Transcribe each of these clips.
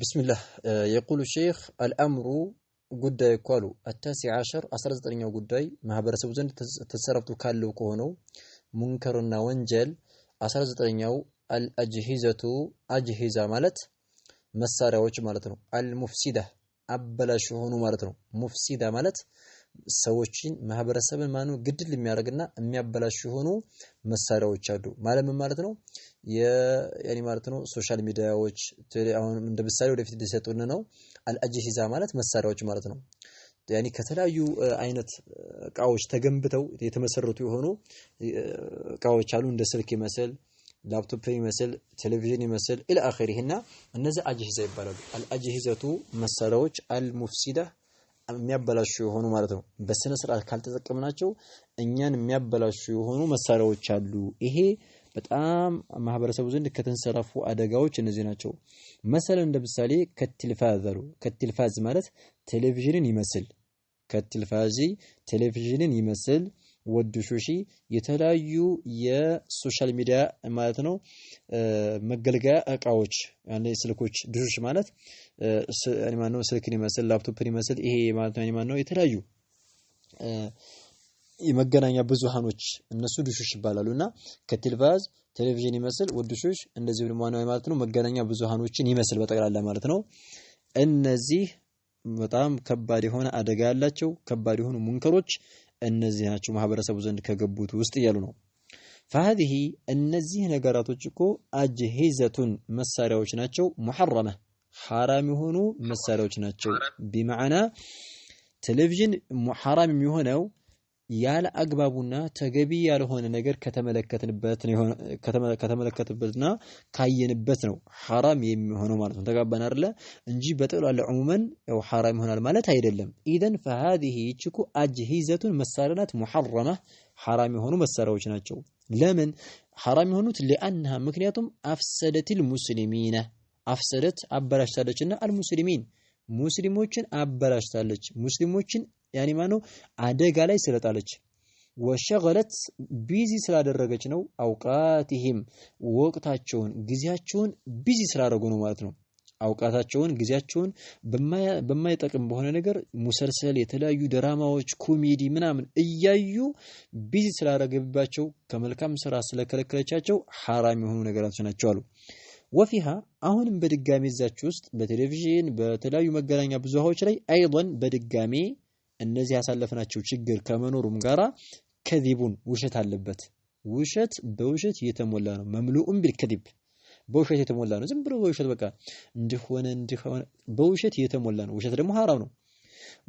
ቢስሚላህ የቁሉ ሼክ አልአምሩ ጉዳይ እኮ አሉ አታሲዕ ዓሸር 19ኛው ጉዳይ ማህበረሰቡ ዘንድ ተሰራብቶ ካለው ከሆነው ሙንከርና ወንጀል 19ኛው አልአጅሂዘቱ አጅሂዛ ማለት መሳሪያዎች ማለት ነው። አልሙፍሲዳ አበላሽ የሆኑ ማለት ነው። ሙፍሲዳ ማለት ሰዎችን ማህበረሰብን ማኑ ግድል የሚያደርግና የሚያበላሽ የሆኑ መሳሪያዎች አሉ። ማለት ምን ማለት ነው? የያኒ ማለት ነው ሶሻል ሚዲያዎች አሁን እንደ ምሳሌ ወደፊት ሊሰጡን ነው። አልአጅሂዛ ማለት መሳሪያዎች ማለት ነው። ያኒ ከተለያዩ አይነት እቃዎች ተገንብተው የተመሰረቱ የሆኑ እቃዎች አሉ። እንደ ስልክ ይመስል ላፕቶፕ ይመስል ቴሌቪዥን ይመስል ኢላ አኺሪህና እነዚህ አጅሂዛ ይባላሉ። አልአጅሂዘቱ መሳሪያዎች አልሙፍሲዳ የሚያበላሹ የሆኑ ማለት ነው። በስነ ስርዓት ካልተጠቀምናቸው እኛን የሚያበላሹ የሆኑ መሳሪያዎች አሉ። ይሄ በጣም ማህበረሰቡ ዘንድ ከተንሰራፉ አደጋዎች እነዚህ ናቸው። መሰለን ለምሳሌ ከትልፋዘሩ ከትልፋዝ ማለት ቴሌቪዥንን ይመስል ከትልፋዚ ቴሌቪዥንን ይመስል ወዱ ሹሺ የተለያዩ የሶሻል ሚዲያ ማለት ነው መገልገያ እቃዎች ስልኮች ድሾች ማለት እኔ ነው። ስልክን ይመስል ላፕቶፕን ይመስል ይሄ ማለት ነው። የተለያዩ የመገናኛ ብዙሃኖች እነሱ ድሾች ይባላሉ እና ከቴልቫዝ ቴሌቪዥን ይመስል ወድሾች እንደዚህ ብሎ ደግሞ ማለት ነው መገናኛ ብዙሃኖችን ይመስል በጠቅላላ ማለት ነው እነዚህ በጣም ከባድ የሆነ አደጋ ያላቸው ከባድ የሆኑ ሙንከሮች እነዚህ ናቸው ማህበረሰቡ ዘንድ ከገቡት ውስጥ እያሉ ነው። ፈሀዚህ እነዚህ ነገራቶች እኮ አጅሂዘቱን መሳሪያዎች ናቸው። ሙሐረመ ሐራም የሆኑ መሳሪያዎች ናቸው። ቢመዓና ቴሌቪዥን ሐራም የሚሆነው ያለ አግባቡና ተገቢ ያልሆነ ነገር ከተመለከትበትና ካየንበት ነው ሐራም የሚሆነው ማለት ነው። ተጋባን አይደለ እንጂ በጠቅላላ ዑሙመን ያው ሐራም ይሆናል ማለት አይደለም። ኢዘን ፈሃዚህ ይችኩ አጅሂዘቱን መሳሪያ ናት፣ ሙሐረማ ሐራም የሆኑ መሳሪያዎች ናቸው። ለምን ሐራም የሆኑት? ሊአንሃ ምክንያቱም አፍሰደትል ሙስሊሚነ አፍሰደት አበላሽታለችና፣ አልሙስሊሚን ሙስሊሞችን አበላሽታለች ሙስሊሞችን ያኔ ማነው አደጋ ላይ ስለጣለች ወሸገለት ቢዚ ስላደረገች ነው። አውቃትህም ወቅታቸውን ጊዜያቸውን ቢዚ ስላደረጉ ነው ማለት ነው። አውቃታቸውን ጊዜያቸውን በማይጠቅም በሆነ ነገር ሙሰልሰል፣ የተለያዩ ድራማዎች፣ ኮሜዲ ምናምን እያዩ ቢዚ ስላደረገባቸው ከመልካም ስራ ስለከለከለቻቸው ሐራም የሆኑ ነገራቶች ናቸው አሉ። ወፊሃ አሁንም በድጋሚ እዛች ውስጥ በቴሌቪዥን በተለያዩ መገናኛ ብዙሃዎች ላይ አይን በድጋሜ። እነዚህ ያሳለፍናቸው ችግር ከመኖሩም ጋራ ከዚቡን ውሸት አለበት። ውሸት በውሸት የተሞላ ነው። መምሉኡም ቢልከዚብ በውሸት የተሞላ ነው። ዝም ብሎ በውሸት በቃ እንደሆነ እንደሆነ በውሸት የተሞላ ነው። ውሸት ደግሞ ሐራም ነው።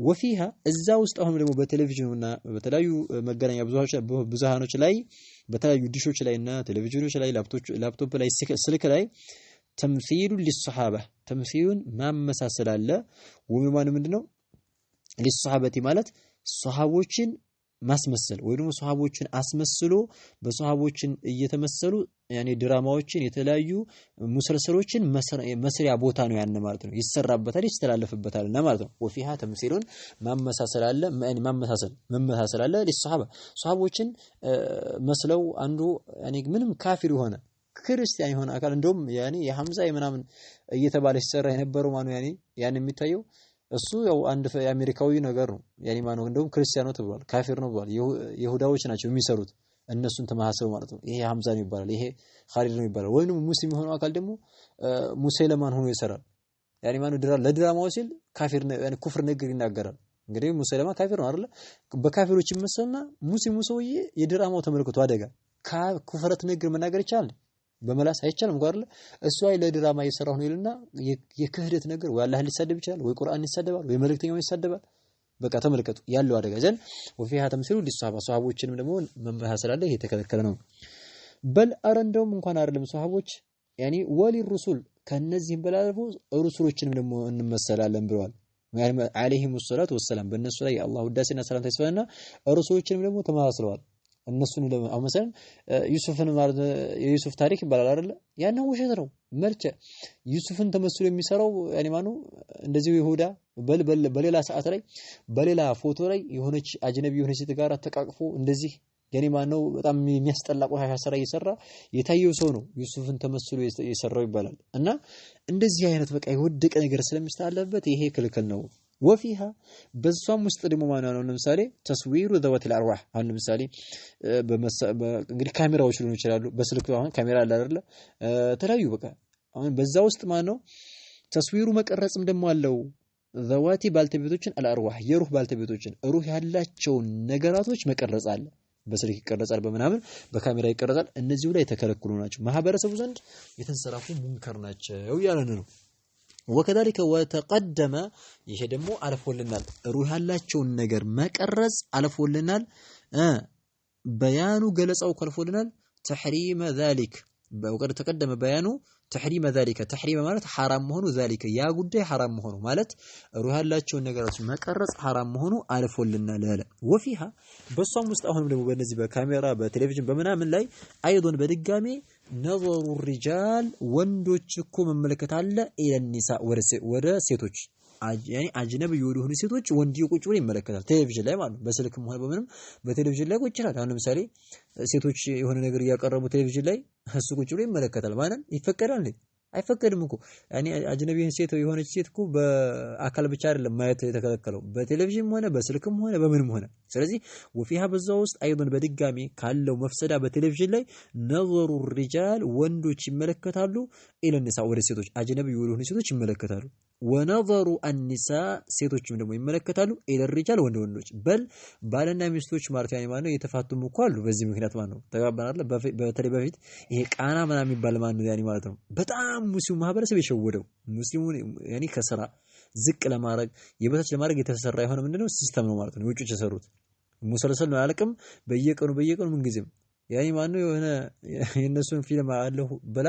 ወፊሃ እዛ ውስጥ አሁንም ደግሞ በቴሌቪዥንና በተለያዩ መገናኛ ብዙሃኖች ላይ በተለያዩ ዲሾች ላይና ቴሌቪዥኖች ላይ ላፕቶፕ ላይ ስልክ ላይ ተምሲሉ ሊሰሓባ ተምሲሉን ማመሳሰል አለ። ወሚማን ምንድነው ሊሶሃበቲ ማለት ሶሃቦችን ማስመሰል ወይ ደግሞ ሶሃቦችን አስመስሎ በሶሃቦችን እየተመሰሉ ያኔ ድራማዎችን የተለያዩ ሙሰልሰሎችን መስሪያ ቦታ ነው ያን ማለት ነው። ይሰራበታል ይስተላለፍበታል እና ማለት ነው። ወፊሃ ተምሲሉን ማመሳሰል አለ ማን ማመሳሰል መመሳሰል አለ ሊሶሃባ ሶሃቦችን መስለው አንዱ ያኔ ምንም ካፊር የሆነ ክርስቲያን የሆነ አካል እንደውም ያኔ የሐምዛ የምናምን እየተባለ ሲሰራ የነበረው ማነው ያኔ ያን የሚታየው እሱ ያው አንድ የአሜሪካዊ ነገር ነው። ያኔ ማን እንደውም ተብሏል፣ ካፊር ነው ብሏል። ይሁዳዎች ናቸው የሚሰሩት እነሱን ተማሰቡ ማለት ነው። ይሄ ሐምዛ ነው ይባላል፣ ይሄ ኻሊድ ነው ይባላል። ወይንም ሙስሊም የሆነው አካል ደግሞ ሙሰይለማን ሆኖ ይሰራል። ያኔ ማን ድራ ለድራማው ሲል ካፊር ነው ኩፍር ንግግር ይናገራል። እንግዲህ ሙሰይለማ ካፊር ነው አይደለ? በካፊሮች ይመሰልና ሙስሊሙ ሰውዬ የድራማው ተመልክቶ አደጋ ኩፍረት ንግግር መናገር ይቻላል። በመላስ አይቻልም እኮ አይደለ? እሱ አይ ለድራማ እየሰራሁ ነው ይልና የክህደት ነገር ወይ አላህን ሊሳደብ ይችላል፣ ወይ ቁርአን ይሳደባል፣ ወይ መልእክተኛውን ይሳደባል። በቃ ተመልከቱ ያለው አደጋ ዘን ወፊሃ ተምሲሉ ሊሷባ ሷሃቦችንም ደግሞ መንበሃ ስላለ ይሄ የተከለከለ ነው። በል አረ እንደውም እንኳን አይደለም ሷሃቦች ያኒ ወሊ ሩሱል ከነዚህም በላልፎ ሩሱሎችንም ደግሞ እንመሰላለን ብለዋል። አለይሂሙ ሰላቱ ወሰላም በእነሱ ላይ የአላህ ውዳሴና ሰላምታ ይስፈንና ሩሱሎችንም ደግሞ ተመሳስለዋል። እነሱን አሁን መሰለን ዩሱፍን ማለት የዩሱፍ ታሪክ ይባላል አይደለ? ያንን ውሸት ነው መልቸ ዩሱፍን ተመስሎ የሚሰራው ያኔ ማኑ እንደዚሁ ይሁዳ በሌላ ሰዓት ላይ በሌላ ፎቶ ላይ የሆነች አጅነቢ የሆነች ሴት ጋር ተቃቅፎ እንደዚህ ያኔ ማነው በጣም የሚያስጠላ ቆሻሻ ስራ እየሰራ የታየው ሰው ነው ዩሱፍን ተመስሎ የሰራው ይባላል። እና እንደዚህ አይነት በቃ የወደቀ ነገር ስለሚስተላለፍበት ይሄ ክልክል ነው። ወፊሃ በሷም ውስጥ ደግሞ ማን ነው? ለምሳሌ ተስዊሩ ዘወት አልአርዋህ አሁን ለምሳሌ እንግዲህ ካሜራዎች ሊሆኑ ይችላሉ። በስልክ አሁን ካሜራ አለ አይደለ? ተለያዩ በቃ አሁን በዛ ውስጥ ማን ነው ተስዊሩ መቀረጽም ደግሞ አለው። ዘዋቲ ባልተቤቶችን አልአርዋህ የሩህ ባልተቤቶችን ሩህ ያላቸውን ነገራቶች መቀረጽ አለ። በስልክ ይቀረጻል፣ በምናምን በካሜራ ይቀረጻል። እነዚሁ ላይ የተከለከሉ ናቸው። ማህበረሰቡ ዘንድ የተንሰራፉ ሙንከር ናቸው ያለን ነው። وكذلك وتقدم يهدمو ألف ولنال روح الله شون نجر ما كرز ألف ولنال آه، بيانو جلس أو كلف ولنال تحريم ذلك وقد تقدم بيانو تحريم ذلك تحريم مالت حرام مهنو ذلك يا قدي حرام مهنو مالت روها الله تشون نقرات ما كرس حرام مهنو ألف ولنا لا لا وفيها بس هم مستأهون من بوجن زبا كاميرا بتلفزيون بمنا من لي أيضا بدقامي نظر الرجال وندوتشكم من ملكة الله إلى النساء ورس ورسيتوش አጅነብ የሆኑ ሴቶች ወንድ ቁጭ ብሎ ይመለከታል፣ ቴሌቪዥን ላይ ማለት በስልክም ሆነ በምንም በቴሌቪዥን ላይ ቁጭ ይላል። አሁን ለምሳሌ ሴቶች የሆነ ነገር እያቀረቡ ቴሌቪዥን ላይ እሱ ቁጭ ብሎ ይመለከታል ማለት ይፈቀዳል አይፈቀድም እኮ እኔ አጅነቢ ሴት የሆነች ሴት እኮ በአካል ብቻ አይደለም ማየት የተከለከለው በቴሌቪዥንም ሆነ በስልክም ሆነ በምንም ሆነ። ስለዚህ ወፊሃ በዛ ውስጥ አይዶን በድጋሚ ካለው መፍሰዳ በቴሌቪዥን ላይ ነዘሩ ሪጃል ወንዶች ይመለከታሉ ኢለንሳ ወደ ሴቶች አጅነቢ የሆኑ ሴቶች ይመለከታሉ። ወነዘሩ አኒሳ ሴቶችም ደግሞ ይመለከታሉ። ኢለሪጃል ወንድ ወንዶች በል ባልና ሚስቶች ማለት ያኔ ማለት ነው የተፋቱም እኮ አሉ። በዚህ ምክንያት ማለት ነው ተጋባን በተለይ በፊት ይሄ ቃና ምናምን የሚባል ማለት ነው ያኔ ማለት ነው በጣም ሙስሊሙ ማህበረሰብ የሸወደው ሙስሊሙን ያኔ ከስራ ዝቅ ለማድረግ የበታች ለማድረግ የተሰራ የሆነ ምንድነው ሲስተም ነው ማለት ነው። ውጪዎች የሰሩት ሙሰልሰል ነው አያልቅም። በየቀኑ በየቀኑ ምንጊዜም ያኔ ማለት ነው የሆነ የእነሱን ፊልም አለሁ ብላ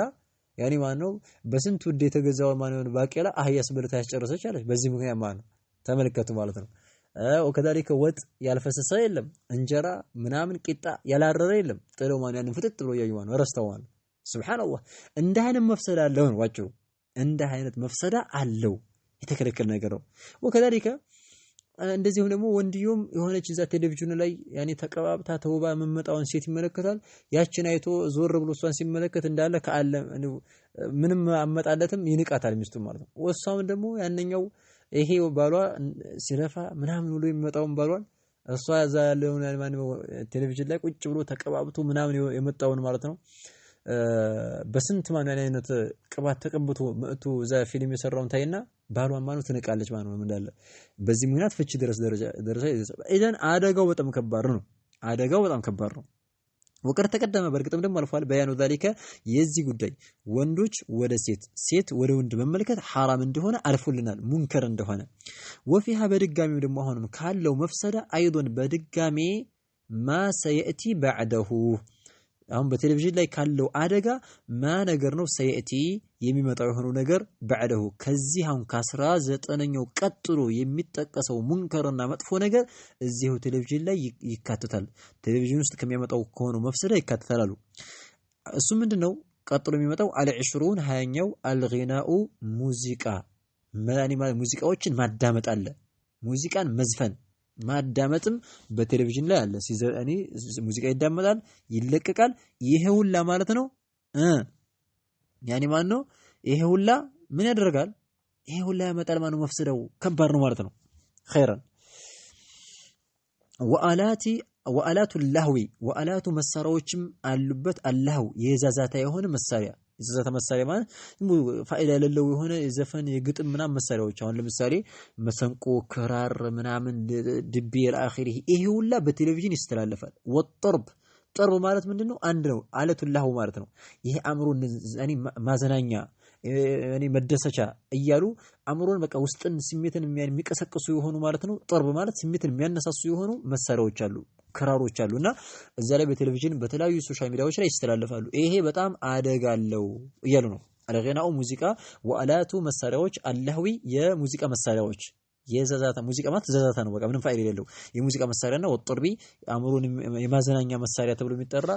ያኔ ማን ነው በስንት ውድ የተገዛው ማን ነው ባቄላ አህያስ በልታ ያስጨረሰች አለች። በዚህ ምክንያት ማን ነው ተመልከቱ ማለት ነው። ወከዛሊከ ወጥ ያልፈሰሰ የለም እንጀራ ምናምን ቂጣ ያላረረ የለም። ጥለው ማን ያንን ፍጥጥ ብሎ ያዩ ማን ረስተው ማን ሱብሃንአላህ። እንደ አይነት መፍሰድ አለው ነው ዋጭሩ እንደ አይነት መፍሰዳ አለው የተከለከለ ነገር ነው ወከዛሊከ እንደዚሁም ደግሞ ወንድዮም የሆነች እዛ ቴሌቪዥኑ ላይ ያኔ ተቀባብታ ተውባ የምመጣውን ሴት ይመለከታል። ያችን አይቶ ዞር ብሎ እሷን ሲመለከት እንዳለ ከአለ ምንም አመጣለትም ይንቃታል፣ ሚስቱ ማለት ነው። ወሷም ደግሞ ያነኛው ይሄ ባሏ ሲለፋ ምናምን ብሎ የሚመጣውን ባሏን እሷ እዛ ያለውን ቴሌቪዥን ላይ ቁጭ ብሎ ተቀባብቶ ምናምን የመጣውን ማለት ነው በስንት ማን አይነት ቅባት ተቀብቶ መጥቶ እዛ ፊልም የሰራውን ታይና ባሏ ማኑ ትንቃለች ማኑ ነው እንዳለ። በዚህ ምክንያት ፍቺ ድረስ ደረጃ ደረጃ ኢደን አደጋው በጣም ከባድ ነው። አደጋው በጣም ከባድ ነው። ወቀር ተቀደመ በእርግጥም ደግሞ አልፏል። በያኑ ዛሊከ የዚህ ጉዳይ ወንዶች ወደ ሴት ሴት ወደ ወንድ መመልከት ሐራም እንደሆነ አልፎልናል፣ ሙንከር እንደሆነ ወፊሃ በድጋሚው ደግሞ አሁንም ካለው መፍሰዳ አይዶን በድጋሜ ማ ሰየእቲ ባዕደሁ አሁን በቴሌቪዥን ላይ ካለው አደጋ ማ ነገር ነው ሰየእቲ የሚመጣው የሆነው ነገር በዕደሁ ከዚህ አሁን ከአስራ ዘጠነኛው ቀጥሎ የሚጠቀሰው ሙንከርና መጥፎ ነገር እዚሁ ቴሌቪዥን ላይ ይካተታል። ቴሌቪዥን ውስጥ ከሚያመጣው ከሆነ መፍሰዳ ይካተታል አሉ። እሱ ምንድን ነው ቀጥሎ የሚመጣው አልዕሽሩን ሀያኛው አልጊናኡ ሙዚቃ ሙዚቃዎችን ማዳመጥ አለ ሙዚቃን መዝፈን ማዳመጥም በቴሌቪዥን ላይ አለ። እኔ ሙዚቃ ይዳመጣል፣ ይለቀቃል። ይሄ ሁላ ማለት ነው ያኔ ማን ነው ይሄ ሁላ ምን ያደርጋል? ይሄ ሁላ ያመጣል። ማነው መፍሰደው ከባድ ነው ማለት ነው። ኸይረን ወአላቲ ወአላቱ ላህዊ ወአላቱ መሳሪያዎችም አሉበት። አላህው የዛዛታ የሆነ መሳሪያ የጸጸተ መሳሪያ ማለት ፋይዳ የሌለው የሆነ የዘፈን የግጥም ምናምን መሳሪያዎች አሁን ለምሳሌ መሰንቆ፣ ክራር ምናምን፣ ድቤ ለአኺሪ ይሄ ሁላ በቴሌቪዥን ይስተላለፋል። ወጠርብ ጠርብ ማለት ምንድነው? አንድ ነው አለቱላሁ ማለት ነው። ይሄ አእምሮ ማዘናኛ እኔ መደሰቻ እያሉ አእምሮን በቃ ውስጥን ስሜትን የሚቀሰቅሱ የሆኑ ማለት ነው። ጥርብ ማለት ስሜትን የሚያነሳሱ የሆኑ መሳሪያዎች አሉ፣ ክራሮች አሉ እና እዛ ላይ በቴሌቪዥን በተለያዩ ሶሻል ሚዲያዎች ላይ ይስተላለፋሉ። ይሄ በጣም አደጋ አለው እያሉ ነው። አልገናኡ ሙዚቃ ወአላቱ መሳሪያዎች፣ አላህዊ የሙዚቃ መሳሪያዎች የዘዛታ ሙዚቃ ማለት ዘዛታ ነው። በቃ ምንም ፋይል የሌለው የሙዚቃ መሳሪያ ነው። ወጦርቢ አእምሮን የማዘናኛ መሳሪያ ተብሎ የሚጠራ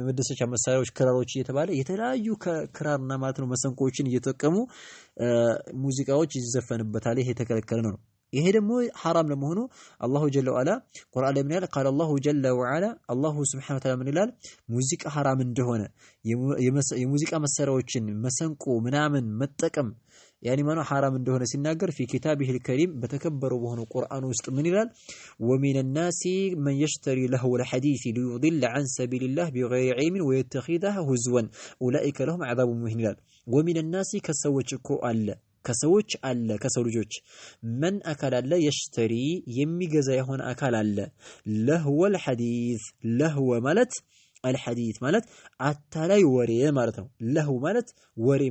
የመደሰቻ መሳሪያዎች ክራሮች እየተባለ የተለያዩ ክራርና ማለት ነው መሰንቆዎችን እየተጠቀሙ ሙዚቃዎች ይዘፈንበታል። ይሄ የተከለከለ ነው። ይሄ ደግሞ ሐራም ለመሆኑ አላሁ ጀለ ወዐላ ቁርአን ላይ ምን ይላል? ቃል አላሁ ጀለ ወዐላ አላሁ ስብሐነሁ ወተዓላ ምን ይላል? ሙዚቃ ሐራም እንደሆነ የሙዚቃ መሳሪያዎችን መሰንቆ ምናምን መጠቀም يعني ما حرام من دهنا سنناجر في كتابه الكريم بتكبر بهن القرآن واستمن ومن الناس من يشتري له الحديث ليضل عن سبيل الله بغير علم ويتخذها هزوا أولئك لهم عذاب مهين ومن الناس كسوتش كؤال كسوتش الله كسوجوتش من أكل الله يشتري يمي هنا أكل الله له الحديث لهو ملت አልሐዲት ማለት አታላይ ወሬ ማለት ነው። ለሁ ማለት ወሬ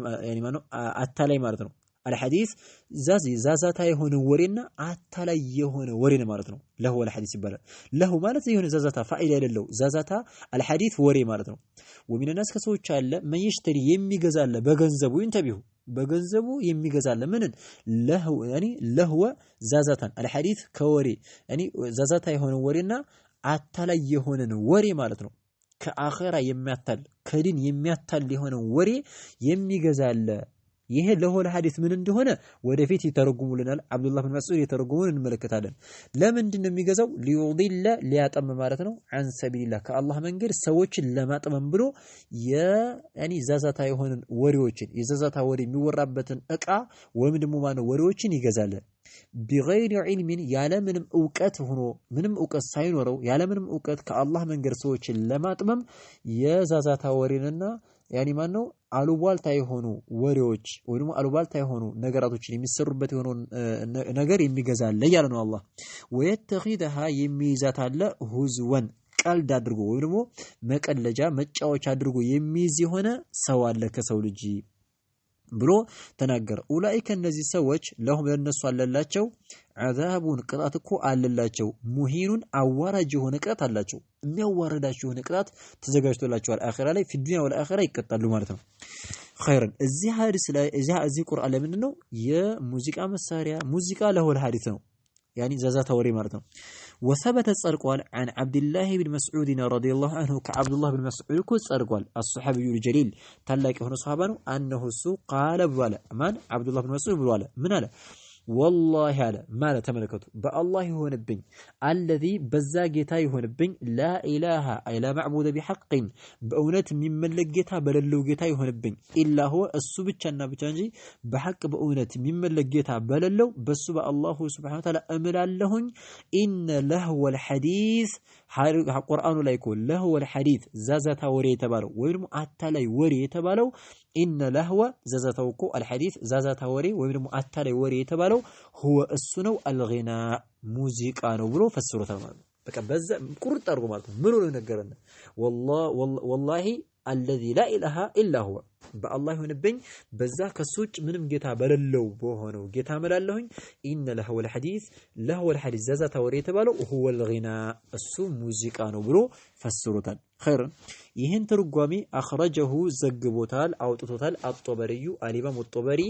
አታላይ ማለት ነው። አልሐዲስ ዛዛታ የሆነ ወሬና አታላይ የሆነ ወሬን ማለት ነው። ለሁ አልሐዲስ ይባላል። ለሁ ማለት የሆነ ዛዛታ ፋኢዳ የሌለው ዛዛታ አልሐዲስ ወሬ ማለት ነው። ወሚነናስ ከሰዎች አለ መየሽተሪ የሚገዛለ በገንዘቡ ይንተቢሁ በገንዘቡ የሚገዛለ ምንን ለህወ ዛዛታን አልሐዲስ ከወሬ ዛዛታ የሆነ ወሬና አታላይ የሆነን ወሬ ማለት ነው። ከአኼራ የሚያታል ከዲን የሚያታል የሆነ ወሬ የሚገዛለ ይሄ ለሆነ ሐዲስ ምን እንደሆነ ወደፊት ይተረጉሙልናል። አብዱላህ ብን መስዑድ የተረጉሙን እንመለከታለን። ለምንድን ነው የሚገዛው? ሊዩዲለ ሊያጠም ማለት ነው። አን ሰቢልላህ ከአላህ መንገድ ሰዎችን ለማጥመም ብሎ ያኒ ዛዛታ የሆነን ወሬዎችን የዛዛታ ወሬ የሚወራበትን እቃ ወይም ደግሞ ማነው ወሬዎችን ይገዛል። ቢገይሪ ዒልሚን ያለምንም እውቀት ሆኖ ምንም እውቀት ሳይኖረው ያለምንም እውቀት ከአላህ መንገድ ሰዎችን ለማጥመም የዛዛታ ወሬንና ያኒ ማን ነው አሉባልታ የሆኑ ወሬዎች ወይ ደግሞ አሉባልታ የሆኑ ነገራቶችን የሚሰሩበት የሆነውን ነገር የሚገዛለ እያለ ነው አላህ። ወየተኺደሃ የሚይዛት አለ ሁዝወን ቀልድ አድርጎ ወይም ደግሞ መቀለጃ መጫወቻ አድርጎ የሚይዝ የሆነ ሰው አለ ከሰው ልጅ ብሎ ተናገረ። ኡላኢከ እነዚህ ሰዎች ለሁም ለነሱ አለላቸው አዛቡን ቅጣት እኮ አለላቸው። ሙሂኑን አዋራጅ የሆነ ቅጣት አላቸው። የሚያዋርዳቸው የሆነ ቅጣት ተዘጋጅቶላቸዋል። አኺራ ላይ ፊዱንያ ወላ አኺራ ይቀጣሉ ማለት ነው። ኸይረን እዚህ ሐዲስ ላይ እዚህ ቁርአን ላይ ምንድን ነው የሙዚቃ መሳሪያ ሙዚቃ ለሆነ ሐዲስ ነው። ያኒ ዘዛ ተወሬ ማለት ነው። وثبت صرقوال عن عبد الله بن مسعود رضي الله عنه كعبد الله بن مسعود كو صرقوال الصحابي الجليل تلاقي هنا صحابانه انه سو قال بوالا من عبد الله بن مسعود بوالا من هذا والله على ما لا تملكته بالله هو نبين الذي بزا يتاي هو بين لا إله أي لا معبود بحق بأونات من ملك جيتا بللو جيتا يهون بين إلا هو السبت كان بتانجي بحق بأونات من ملك جيتا بللو بس الله سبحانه وتعالى أمر لهن إن له الحديث حار... القرآن لا يقول له الحديث زازا وري تبارو ويرمو أتلا وري تبارو إن لهو زازا توقو الحديث زازا توري ويمن مؤتالي وري يتبالو هو السنو الغناء موزيك آنو بلو فسرو تلمان بكا بزا كورت أرغو منو لنقرن والله والله, والله አለዚ ላ ኢላሃ ኢላ ሁወ በአላህ ይሁንብኝ በዛ ከሱ ውጭ ምንም ጌታ በሌለው በሆነው ጌታ እምላለሁኝ። ኢነ ለህወል ሐዲስ ለህወል ሐዲስ ዘዛ ታወሬ የተባለው ሁወል ጊና እሱ ሙዚቃ ነው ብሎ ፈስሮታል። ኸይርን ይህን ትርጓሜ አኽረጀሁ ዘግቦታል፣ አውጥቶታል። አጦበሪዩ አሊማም ጦበሪ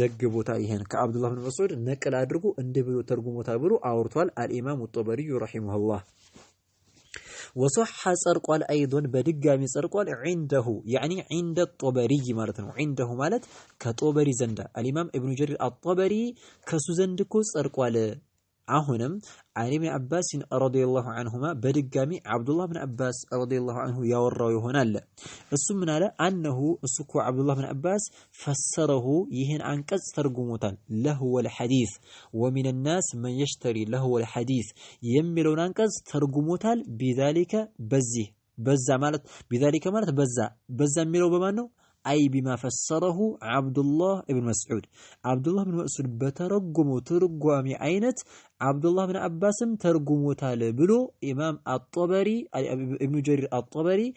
ዘግቦታል። ይህን ከአብዱላህ ብን መስዑድ ነቅል አድርጎ እንዲህ ብሎ ተርጉሞታል ብሎ አውርቷል። አልኢማም ጦበሪዩ ረሒመሁላህ وصح صرق أيضا بدقة من صرق عنده يعني عند الطبري مالة عنده مالت كطبري زنده الإمام ابن جرير الطبري كسو كسوزندكو صرق أهنم عن ابن عباس رضي الله عنهما بدقامي عبد الله بن عباس رضي الله عنه يورى هنا لا السمنا لا أنه سكو عبد الله بن عباس فسره يهن عن كز ترجمه له والحديث ومن الناس من يشتري له والحديث يملون عن كز ترجمه بذلك بزه بزه مالت بذلك مالت بزه بزه ملو بمانو أي بما فسره عبد الله بن مسعود عبد الله بن مسعود بترجم ترجم عينة عبد الله بن عباس ترجم تالبلو إمام الطبري ابن جرير الطبري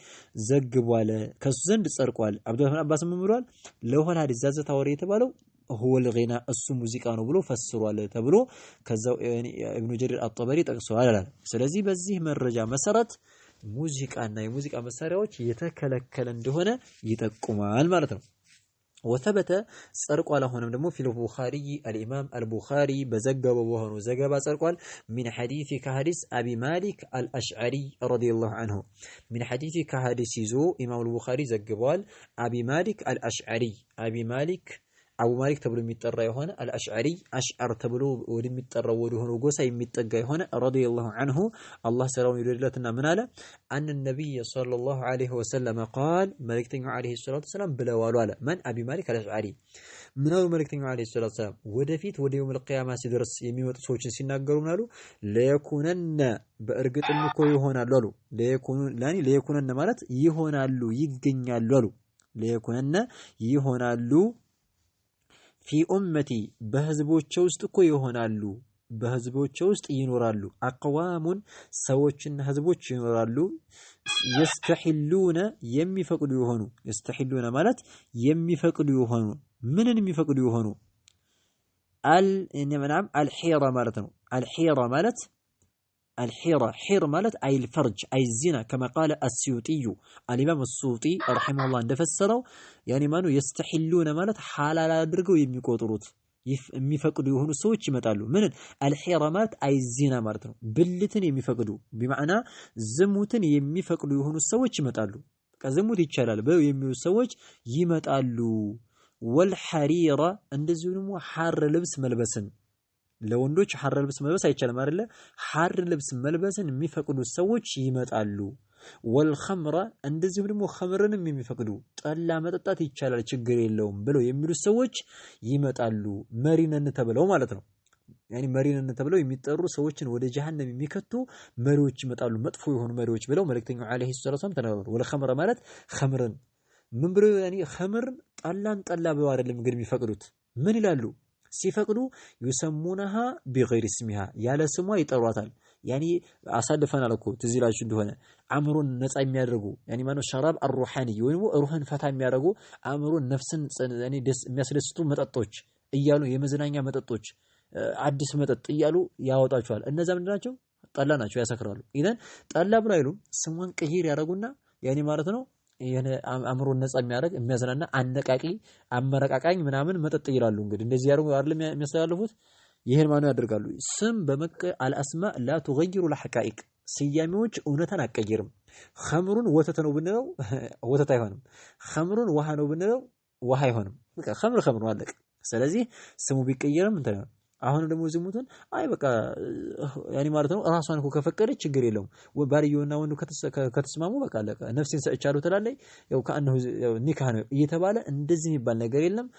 زجب ولا كسوزن بتصرق ولا عبد الله بن عباس من مرال لو هل هذه الزازة توريت بالو هو الغناء السو الغنى እሱ ሙዚቃ ነው ብሎ ፈስሯል ተብሎ ከዛው ኢብኑ ጀሪር አጠበሪ ጠቅሷል سلزي بزيه من رجع مسرت ሙዚቃና የሙዚቃ መሳሪያዎች የተከለከለ እንደሆነ ይጠቁማል ማለት ነው። ወተበተ ጸድቋል። አሁንም ደግሞ ፊል ቡኻሪ አልኢማም አልቡኻሪ በዘገበው በሆኑ ዘገባ ጸድቋል። ሚን ሐዲስ ከሐዲስ አቢ ማሊክ አልአሽዓሪ ረዲየላሁ አንሁ ሚን ሐዲስ ከሐዲስ ይዞ ኢማም አልቡኻሪ ዘግበዋል። አቢ ማሊክ አልአሽዓሪ አቢ ማሊክ አቡ ማሊክ ተብሎ የሚጠራ የሆነ አልአሽዓሪ አሽዓር ተብሎ ወደሚጠራው ወደሆነ ጎሳ የሚጠጋ የሆነ ረዲየላሁ አንሁ አላህ ስራውን ይውደድለትና ምን አለ አን ነቢይ ሰለላሁ ዐለይሂ ወሰለም ቃል መልእክተኛው ዐለይሂ ሰላቱ ወሰላም ብለዋሉ አለ ማን አቢ ማሊክ አልአሽዓሪ ምን አሉ መልእክተኛው ዐለይሂ ሰላቱ ወሰላም ወደፊት ወደ የውመል ቂያማ ሲደርስ የሚመጡ ሰዎችን ሲናገሩ ምን አሉ ለየኩነነ በእርግጥም እኮ ይሆናሉ አሉ ለየኩነነ ማለት ይሆናሉ ይገኛሉ አሉ ለየኩነነ ይሆናሉ ፊ ኡመቲ በህዝቦቼ ውስጥ እኮ ይሆናሉ በህዝቦቼ ውስጥ ይኖራሉ። አቅዋሙን ሰዎችና ህዝቦች ይኖራሉ። የስተሒሉነ የሚፈቅዱ የሆኑ የስተሒሉነ ማለት የሚፈቅዱ የሆኑ ምንን የሚፈቅዱ የሆኑ አልሂራ ማለት ነው። አልሂራ ማለት الحيرة حير مالت أي الفرج أي الزنا كما قال السيوطي الإمام السيوطي رحمه الله عند فسره يعني ما يستحلون مالت حالة لا درقوا يميكوطروت يميفقدوا يهونوا سويتش يمتعلوا من الحيرة مالت أي الزنا مالت بلتن يميفقدوا بمعنى زموتن يميفقدوا يهونوا سويتش يمتعلوا كزموت يتشلال بيو يميو سويتش يمتعلوا والحريرة عند زنمو حار لبس ملبسن ለወንዶች ሐር ልብስ መልበስ አይቻልም አይደለ? ሐር ልብስ መልበስን የሚፈቅዱ ሰዎች ይመጣሉ። ወልኸምረ እንደዚሁም ደግሞ ኸምርንም የሚፈቅዱ ጠላ መጠጣት ይቻላል ችግር የለውም ብለው የሚሉ ሰዎች ይመጣሉ። መሪነን ተብለው ማለት ነው። ያኔ መሪነን ተብለው የሚጠሩ ሰዎችን ወደ ጀሃነም የሚከቱ መሪዎች ይመጣሉ፣ መጥፎ የሆኑ መሪዎች ብለው መልእክተኛው ዓለይሂ ሰላቱ ወሰላም ተናግረዋል። ወልኸምረ ማለት ኸምርን ምን ብለው ያኔ ኸምርን ጠላን ጠላ ብለው አይደለም ግን የሚፈቅዱት ምን ይላሉ? ሲፈቅዱ ዩሰሙነሃ ቢገይር ስሚሃ ያለ ስሟ ይጠሯታል። ያኒ አሳልፈናል እኮ ትዝ ይላችሁ እንደሆነ አእምሮን ነፃ የሚያደርጉ ያኒ ማነው ሸራብ አሩሐኒ ወይም ሩህን ፈታ የሚያደርጉ አእምሮን ነፍስን የሚያስደስቱ መጠጦች እያሉ የመዝናኛ መጠጦች አዲስ መጠጥ እያሉ ያወጣቸዋል። እነዛ ምንድን ናቸው? ጠላ ናቸው፣ ያሰክራሉ። ኢዘን ጠላ ብሎ አይሉም ስሟን ቅሂር ያደርጉና ያኒ ማለት ነው የሆነ አእምሮን ነጻ የሚያደርግ የሚያዝናና አነቃቂ አመረቃቃኝ ምናምን መጠጥ ይላሉ። እንግዲህ እንደዚህ ያደርጉ አይደለም የሚያስተላልፉት። ይህን ማነው ያደርጋሉ። ስም በመቀ አልአስማ ላ ቱገይሩ ለሐቃኢቅ ስያሜዎች እውነታን አቀይርም። ከምሩን ወተት ነው ብንለው ወተት አይሆንም። ከምሩን ውሃ ነው ብንለው ውሃ አይሆንም። በቃ ከምር አለቅ። ስለዚህ ስሙ ቢቀየርም እንትን አሁን ደግሞ ዝሙትን አይ በቃ ያኔ ማለት ነው ራሷን እኮ ከፈቀደች ችግር የለውም። ባልየውና ወንዱ ከተስማሙ በቃ አለቀ። ነፍሴን ሰጥቻለሁ ትላለች። ያው ከአንሁ ኒካህ ነው እየተባለ እንደዚህ የሚባል ነገር የለም።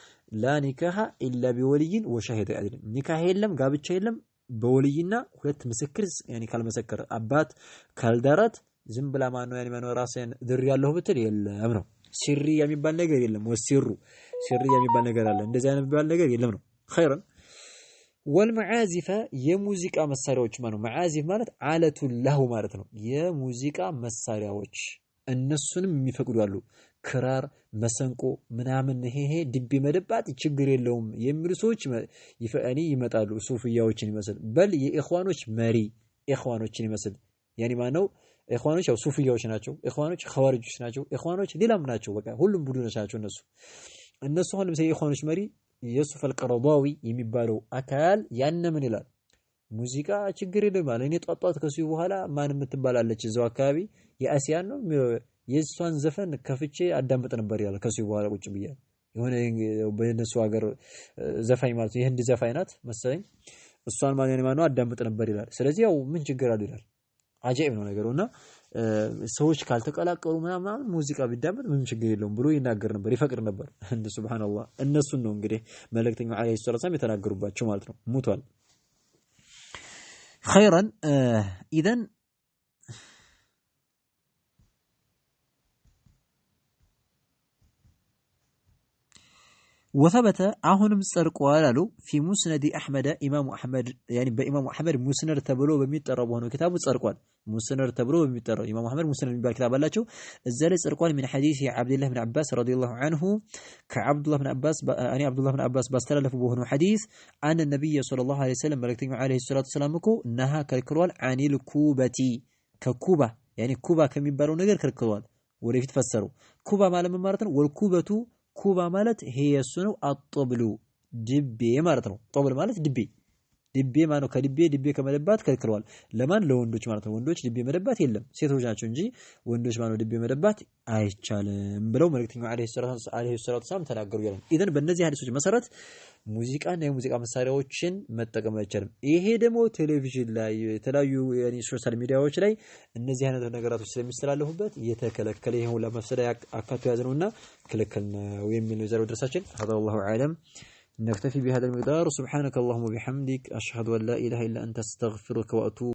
ላ ኢላ ቢወልይን ወሻሂድ አይደለም። ኒካህ የለም፣ ጋብቻ የለም በወልይና ሁለት ምስክር ያኔ ካልመሰከረ አባት ካልዳራት ዝም ብላ ማን ነው ያኔ ማን ነው ራሴን ድር ያለሁ ብትል የለም ነው። ሲሪ የሚባል ነገር የለም። ወሲሩ ሲሪ የሚባል ነገር አለ። እንደዚህ አይነት የሚባል ነገር የለም ነው ኸይረን ወልመዓዚፈ የሙዚቃ መሳሪያዎች ማለት መዓዚፍ ማለት አለቱን ላሁ ማለት ነው። የሙዚቃ መሳሪያዎች እነሱንም የሚፈቅዱ አሉ። ክራር፣ መሰንቆ ምናምን ይሄ ድቤ መደባት ችግር የለውም የሚሉ ሰዎች ይፈአኒ ይመጣሉ። ሱፍያዎችን ይመስል በል የኢኽዋኖች መሪ ኢኽዋኖችን ይመስል ያኒ ማነው ኢኽዋኖች ያው ሱፍያዎች ናቸው። ኢኽዋኖች ኸዋሪጆች ናቸው። ኢኽዋኖች ሌላም ናቸው። በቃ ሁሉም ቡድኖች ናቸው እነሱ እነሱ አሁን ለምሳሌ የኢኽዋኖች መሪ የሱፍ አልቀረዳዊ የሚባለው አካል ያነ ምን ይላል? ሙዚቃ ችግር ይልማል። እኔ ጧጧት ከሱ በኋላ ማን የምትባላለች እዛው አካባቢ የአሲያን ነው የእሷን ዘፈን ከፍቼ አዳምጥ ነበር ይላል። ከሱ በኋላ ቁጭ ብያ የሆነ በነሱ ሀገር ዘፋኝ ማለት ነው የህንድ ዘፋኝ ናት መሰለኝ። እሷን ማን ማን አዳምጥ ነበር ይላል። ስለዚህ ያው ምን ችግር አለው ይላል። አጀብ ነው ነገሩና ሰዎች ካልተቀላቀሉ ምናምን ሙዚቃ ቢዳመጥ ምንም ችግር የለውም ብሎ ይናገር ነበር፣ ይፈቅድ ነበር። እንደ ሱብሃነላህ እነሱን ነው እንግዲህ መልእክተኛው ዓለይሂ ሰላቱ ወሰላም የተናገሩባቸው ማለት ነው። ሙቷል። ኸይረን ኢዘን وثبت عهنم مسر وقالوا في مسند أحمد إمام أحمد يعني بإمام أحمد مسند تبلو بميت ربه هنا كتاب سرق وقال مسند تبلو بميت إمام أحمد مسند من بالكتاب الله شو الزال سرق من حديث عبد الله بن عباس رضي الله عنه كعبد الله بن عباس اني يعني عبد الله بن عباس بس تلف به هنا حديث أن النبي صلى الله عليه وسلم بلغتني عليه الصلاة والسلام نها كالكروال عن الكوبة ككوبا يعني كوبا كم يبرون غير كالكروال وريفت فسروا كوبا مالا لم مرة كوبا مالت هي سنو الطبل دبي مالت طبل مالت دبي ድቤ ነው ከድቤ ድቤ ከመደባት ከልክለዋል። ለማን ለወንዶች ማለት ነው። ወንዶች ድቤ መደባት የለም ሴቶች ናቸው እንጂ ወንዶች ማ ነው ድቤ መደባት አይቻልም ብለው መልክተኛው ዓለይሂ ሰላቱ ሰላም ተናገሩ ይላል። ኢዘን በእነዚህ ሀዲሶች መሰረት ሙዚቃና የሙዚቃ መሳሪያዎችን መጠቀም አይቻልም። ይሄ ደግሞ ቴሌቪዥን ላይ የተለያዩ ሶሻል ሚዲያዎች ላይ እነዚህ አይነት ነገራቶች ስለሚስተላለፉበት የተከለከለ ይሄ ለመፍሰዳ መፍሰዳ አካቶ ያዝ ነውና ክልክል ነው የሚል ነው የዛሬው ድረሳችን። ወላሁ አዕለም نكتفي بهذا المقدار سبحانك اللهم وبحمدك أشهد أن لا إله إلا أنت أستغفرك وأتوب